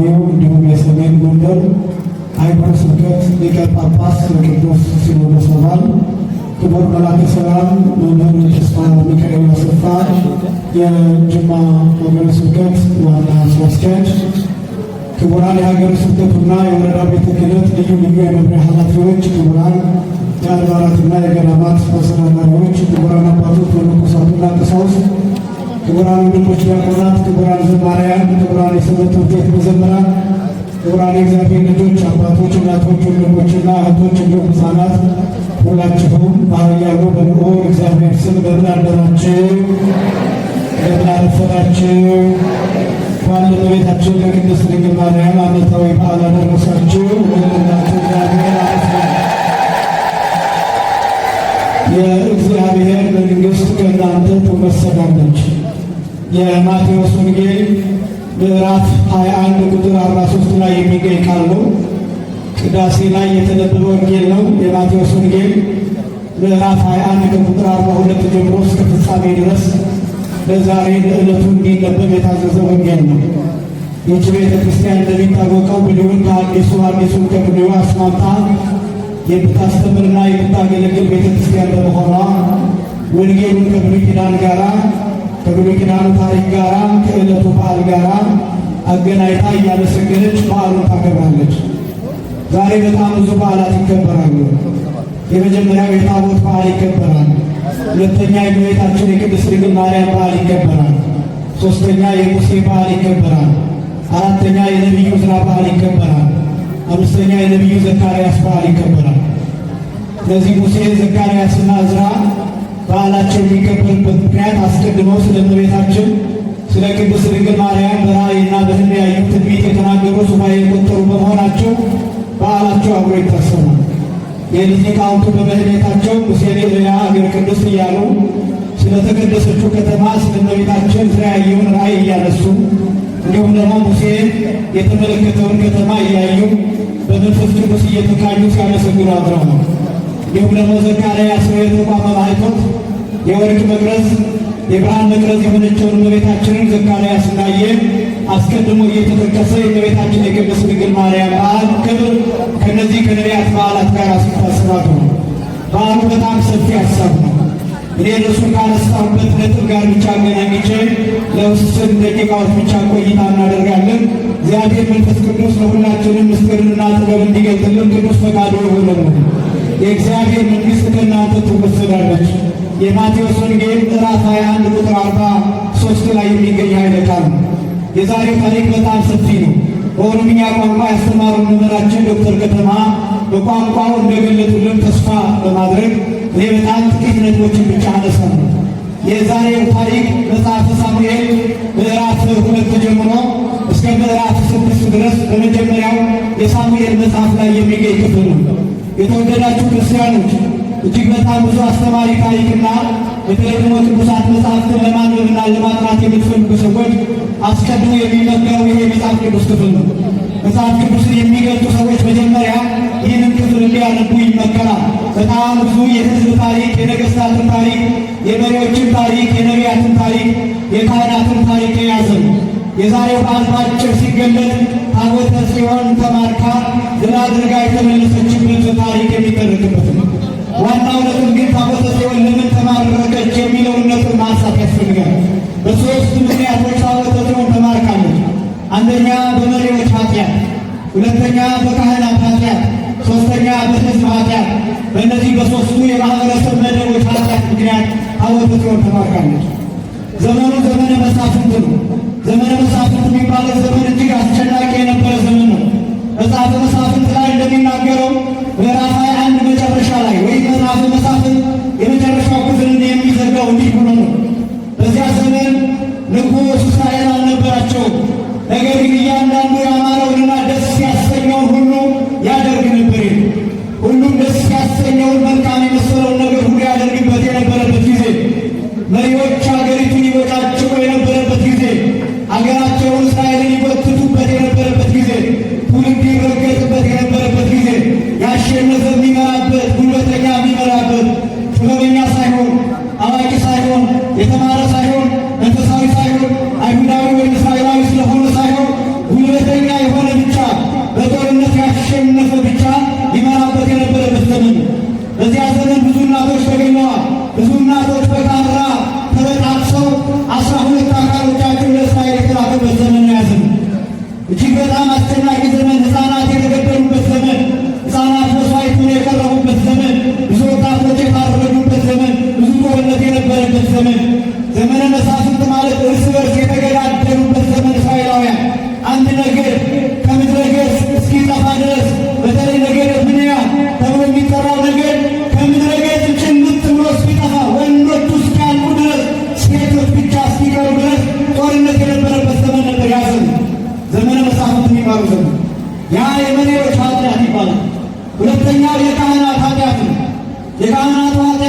የደቡብ እንዲሁም የሰሜን ጎንደር ሀገረ ስብከት ሊቀ ጳጳስ የቅዱስ ሲኖዶስ አባል ክቡር መላከ ሰላም መምህር ተስፋ ሚካኤል አሰፋ የጅማ ሀገረ ስብከት ዋና ስራ አስኪያጅ፣ ክቡራን የሀገረ ስብከቱና የወረዳ ቤተ ክህነት ልዩ ልዩ የመምሪያ ኃላፊዎች፣ ክቡራን የአድባራትና የገዳማት አስተዳዳሪዎች፣ ክቡራን አባቶች፣ መነኮሳቱና ቀሳውስት ክቡራን ወንድሞች ያቆናት፣ ክቡራን ዘማሪያን፣ ክቡራን የሰንበት ትምህርት ቤት መዘምራን፣ ክቡራን የእግዚአብሔር ልጆች፣ አባቶች፣ እናቶች፣ ወንድሞችና እህቶች እንዲሁም ሕፃናት ሁላችሁም ባህያሉ በልኦ እግዚአብሔር ስም በምን አደራችሁ? በምን አረፈዳችሁ? እንኳን ለእመቤታችን ለቅድስት ድንግል ማርያም ዓመታዊ በዓል አደረሳችሁ። ወለላችሁ እግዚአብሔር የእግዚአብሔር መንግሥት ከእናንተ ትወሰዳለች። የማቴዎስ ወንጌል ምዕራፍ 21 ቁጥር 43 ላይ የሚገኝ ቃል ነው። ቅዳሴ ላይ የተነበበ ወንጌል ነው። የማቴዎስ ወንጌል ምዕራፍ 21 ከቁጥር 42 ጀምሮ እስከ ፍጻሜ ድረስ በዛሬ ለዕለቱ እንዲነበብ የታዘዘ ወንጌል ነው። ይህች ቤተ ክርስቲያን እንደሚታወቀው ብሉይን ከአዲሱ አዲሱን ከብሉይ አስማምታ የምታስተምርና የምታገለግል ቤተ ክርስቲያን በመሆኗ ወንጌሉን ከብሉይ ኪዳን ጋራ ከብሉይ ኪዳኑ ታሪክ ጋራ ከዕለቱ በዓል ጋራ አገናኝታ እያመሰገነች በዓሉን ታከብራለች። ዛሬ በጣም ብዙ በዓላት ይከበራሉ። የመጀመሪያው የታቦት በዓል ይከበራል። ሁለተኛ የእመቤታችን የቅድስት ድንግል ማርያም በዓል ይከበራል። ሶስተኛ የሙሴ በዓል ይከበራል። አራተኛ የነቢዩ ዕዝራ በዓል ይከበራል። አምስተኛ የነቢዩ ዘካርያስ በዓል ይከበራል። ስለዚህ ሙሴ ዘካርያስና ዕዝራ በዓላቸው የሚከበርበት ምክንያት አስቀድመው ስለ እመቤታችን ስለ ቅድስት ድንግል ማርያም በራእይና በተለያዩ ትንቢት የተናገሩ ሱባኤ የቆጠሩ በመሆናቸው በዓላቸው አብሮ ይታሰባል። የሊቅ ሊቃውንቱ በመህሌታቸው ሙሴ ሌላ አገር ቅዱስ እያሉ ስለ ተቀደሰችው ከተማ ስለ እመቤታችን የተለያየውን ራእይ እያነሱ እንዲሁም ደግሞ ሙሴ የተመለከተውን ከተማ እያዩ በመንፈስ ቅዱስ እየተካኙ ሲያመሰግኑ አድረዋል። እንዲሁም ደግሞ ዘካርያስ የተቋመ ማይቶት የወርቅ መቅረዝ የብርሃን መቅረዝ የሆነችውን እመቤታችንን ዘካርያስ እንዳየ አስቀድሞ እየተጠቀሰ የእመቤታችን የቅድስት ድንግል ማርያም በዓል ክብር ከነዚህ ከነቢያት በዓላት ጋር አስታስባት ነው። በዓሉ በጣም ሰፊ ሀሳብ ነው። እኔ እነሱን ካነሳሁበት ነጥብ ጋር ብቻ አገናኝቼ ለውስን ደቂቃዎች ብቻ ቆይታ እናደርጋለን። እግዚአብሔር መንፈስ ቅዱስ ለሁላችንም ምስጢርንና ጥበብ እንዲገልጥልን ቅዱስ ፈቃዱ የሆነ ነው። የእግዚአብሔር መንግሥት ከእናንተ ትወሰዳለች። የማቴዎስ ወንጌል ምዕራፍ 21 ቁጥር 43 ላይ የሚገኝ ኃይለ ቃል ነው። የዛሬው ታሪክ በጣም ሰፊ ነው። በኦሮምኛ ቋንቋ ያስተማሩ መምህራችን ዶክተር ከተማ በቋንቋው እንደገለጡልን ተስፋ በማድረግ ይህ በጣም ጥቂት ነጥቦችን ብቻ አነሳ ነው። የዛሬው ታሪክ መጽሐፈ ሳሙኤል ምዕራፍ ሁለት ተጀምሮ እስከ ምዕራፍ ስድስት ድረስ በመጀመሪያው የሳሙኤል መጽሐፍ ላይ የሚገኝ ክፍል ነው። የተወደዳችሁ ክርስቲያኖች እጅግ በጣም ብዙ አስተማሪ ታሪክና በተለይ ደግሞ ቅዱሳት መጽሐፍትን ለማንበብና ለማጥናት የምትፈልጉ ሰዎች አስቀድሞ የሚመከረው ይህ የመጽሐፍ ቅዱስ ክፍል ነው። መጽሐፍ ቅዱስን የሚገልጡ ሰዎች መጀመሪያ ይህንን ክፍል እንዲያነቡ ይመከራል። በጣም ብዙ የሕዝብ ታሪክ፣ የነገስታትን ታሪክ፣ የመሪዎችን ታሪክ፣ የነቢያትን ታሪክ፣ የካህናትን ታሪክ የያዘ ነው። የዛሬው በዓል ባጭር ሲገለጥ ታቦተ ጽዮን ተማርካ ዝናድርጋ የተመለሰችበት ታሪክ የሚደረግበት ነው። ዋናው ነጥብ ግን ታቦተ ጽዮን ለምን ተማረከች የሚለውን ነጥብ ማንሳት ያስፈልጋል። በሶስት ምክንያቶች ታቦተ ጽዮን ተማርካለች። አንደኛ በመሪዎች ኃጢአት፣ ሁለተኛ በካህናት ኃጢአት፣ ሶስተኛ በህዝብ ኃጢአት። በእነዚህ በሶስቱ የማህበረሰብ መሪዎች ኃጢአት ምክንያት ታቦተ ጽዮን ተማርካለች። ዘመኑ ዘመነ መሳፍንት ነው። ዘመነ መሳፍንት የሚባለው ዘመን እጅግ አስጨናቂ የነበረ ዘመን መጽሐፈ መሳፍንት ላይ እንደሚናገረው ምዕራፍ ሃያ አንድ መጨረሻ ላይ ወይም መጽሐፈ መሳፍንት የመጨረሻው ክፍል የሚዘጋው እንዲህ ብሎ ነው። በዚያ ዘመን ንጉሥ እስራኤል አልነበራቸውም። ነገር ግን እያንዳንዱ ያማረውንና ደስ ያሰኘውን ሁሉ ያደርግ ነበር። ሁሉም ደስ ያሰኘውን መልካም የመሰለውን ነገር ሁሉ ያደርግበት የነበረበት ጊዜ መሪዎች 你看他。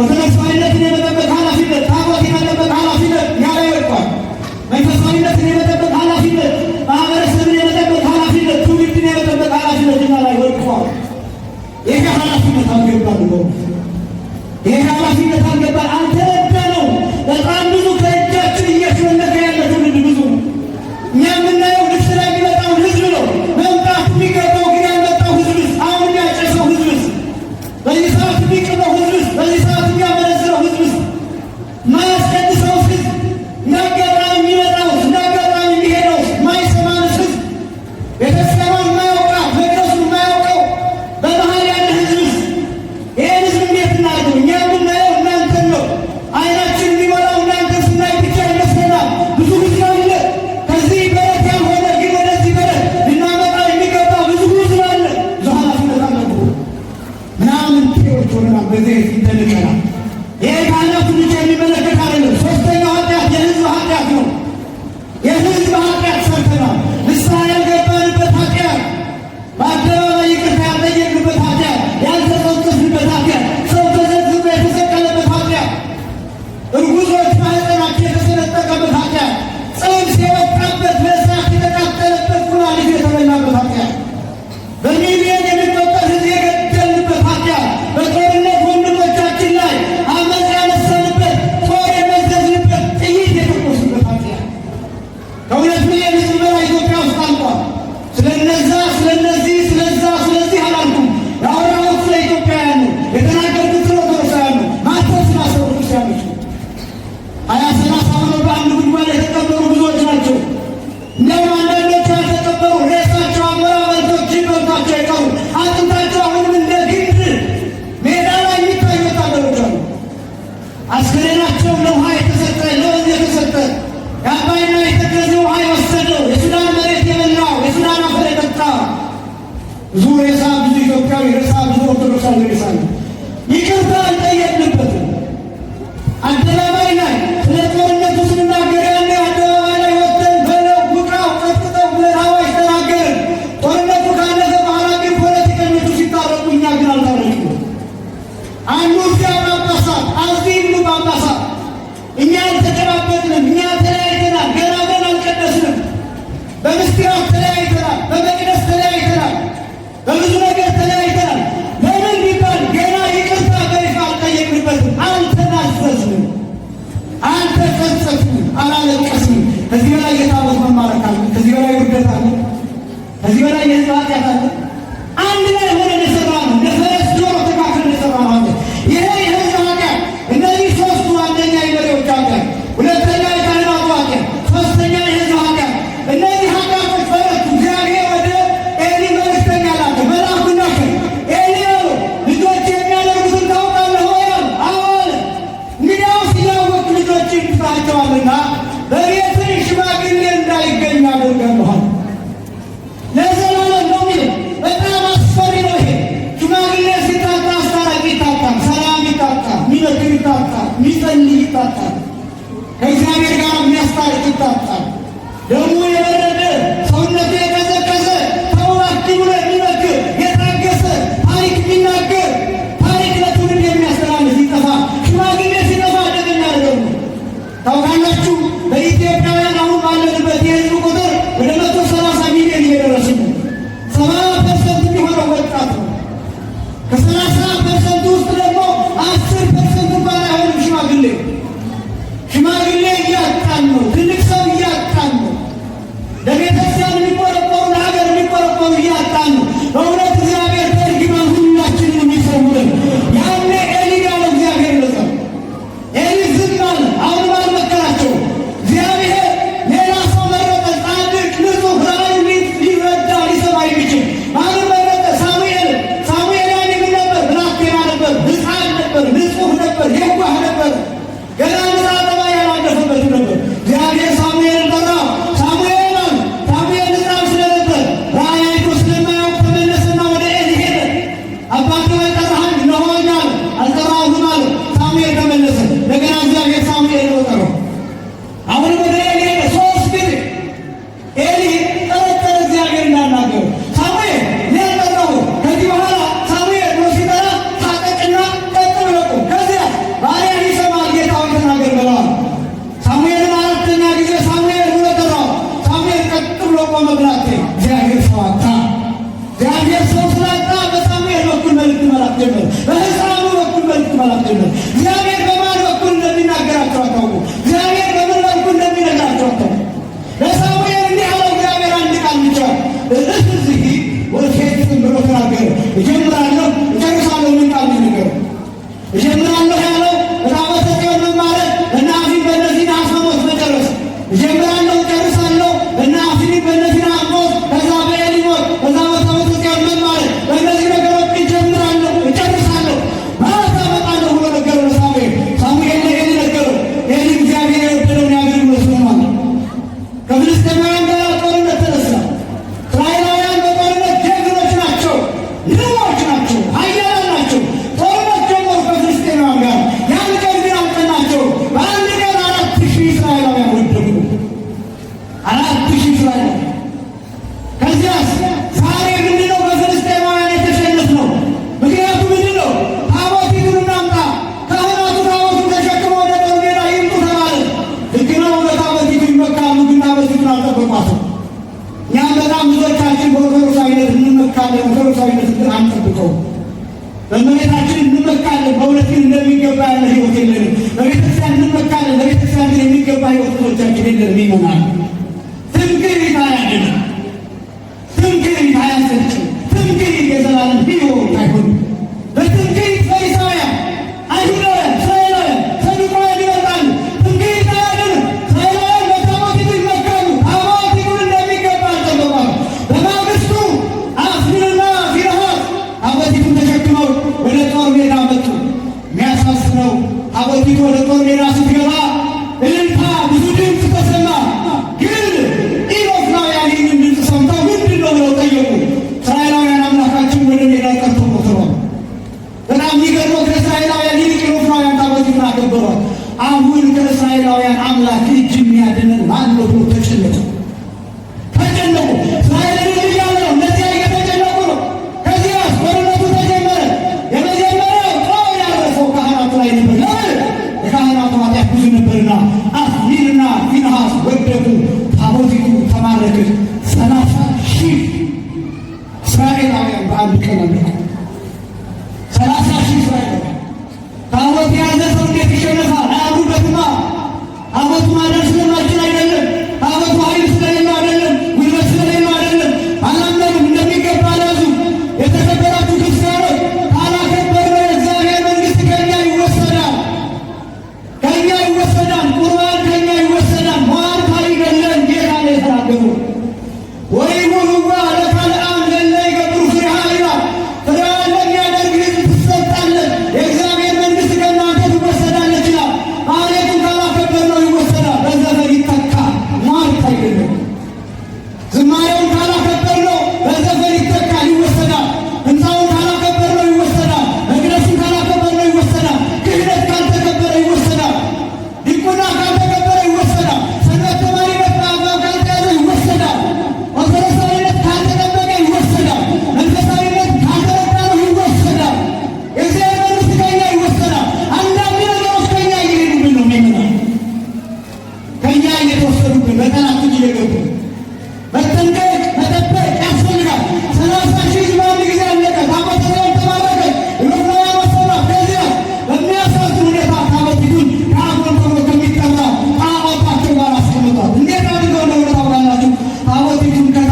ኦርቶዶክሳዊነትን የመጠበቅ ኃላፊነት፣ ታቦት የመጠበቅ ኃላፊነት ያላ ይወድቋል። መንፈሳዊነትን የመጠበቅ ኃላፊነት፣ ማህበረሰብን የመጠበቅ ኃላፊነት፣ ትውልድን የመጠበቅ ኃላፊነት ያላ ይወድቋል። ይህ ኃላፊነት አልገባል ነው አንዱ ጳጳሳት፣ አዚህም ጳጳሳት እኛ አልተጨባበጥንም፣ እኛ ተለያይተናል፣ ገና ገና አልቀደስንም። በምስጢራት ተለያይተናል፣ በመቅደስ ተለያይተናል፣ በብዙ ነገር ተለያይተናል። ለምን ቢባል ገና ይቅርታ በይፋ አልጠየቅንበትም፣ አልተናዘዝንም፣ አልተጸጸትንም፣ አላለቀስንም። ከዚህ በላይ ከዚህ በላይ ከዚህ በላይ የህዝብ ኃጢአት አለ። para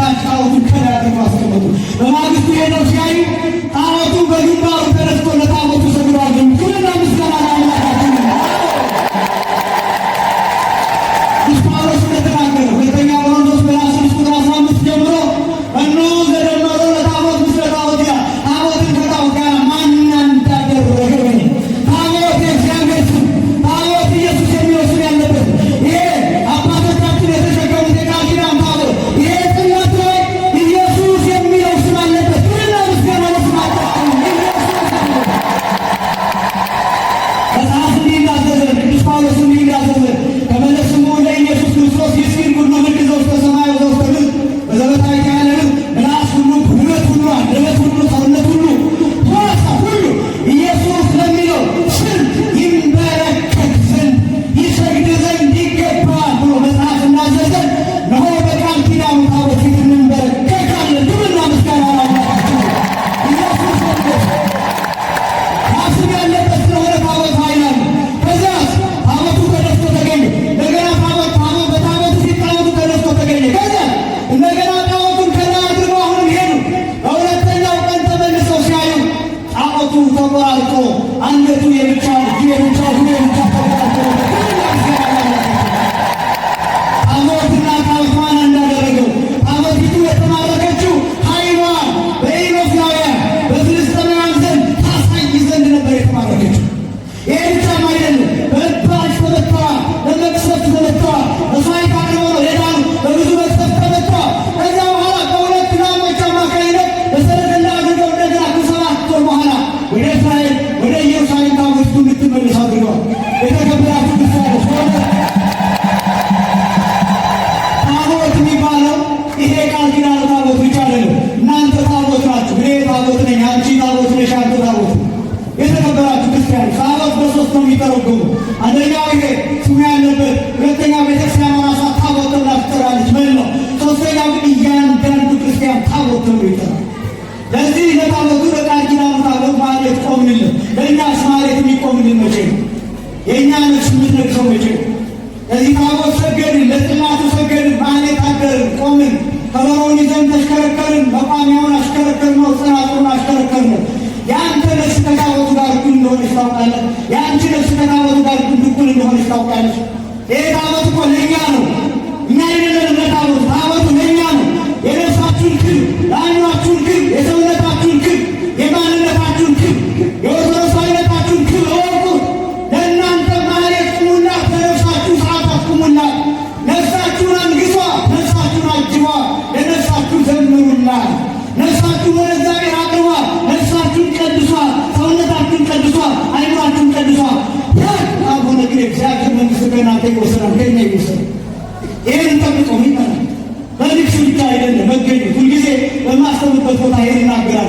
በጌታች ጣዖቱን ከላይ አድርገው አስቀመጡ። በማግስቱ ሄደው ሲያዩ ጣዖቱ በግንባሩ ተነስቶ ለጣዖቱ ሰግዷል። ግን ምስጋና ከበሮውን ይዘን ተሽከረከርን፣ መቋሚያውን አሽከረከርነው፣ ጽናቱን አሽከረከርነው። የአንተ ነፍስ ከታቦቱ ጋር እኩል እንደሆነች ታውቃለህ። የአንቺ ነፍስ ከታቦቱ ጋር እኩል እንደሆነች ታውቃለች። ይህ ታቦት እኮ ለእኛ ነው፣ እኛ አይደለንም ለታቦት በማስተምርበት ቦታ ይናገራል።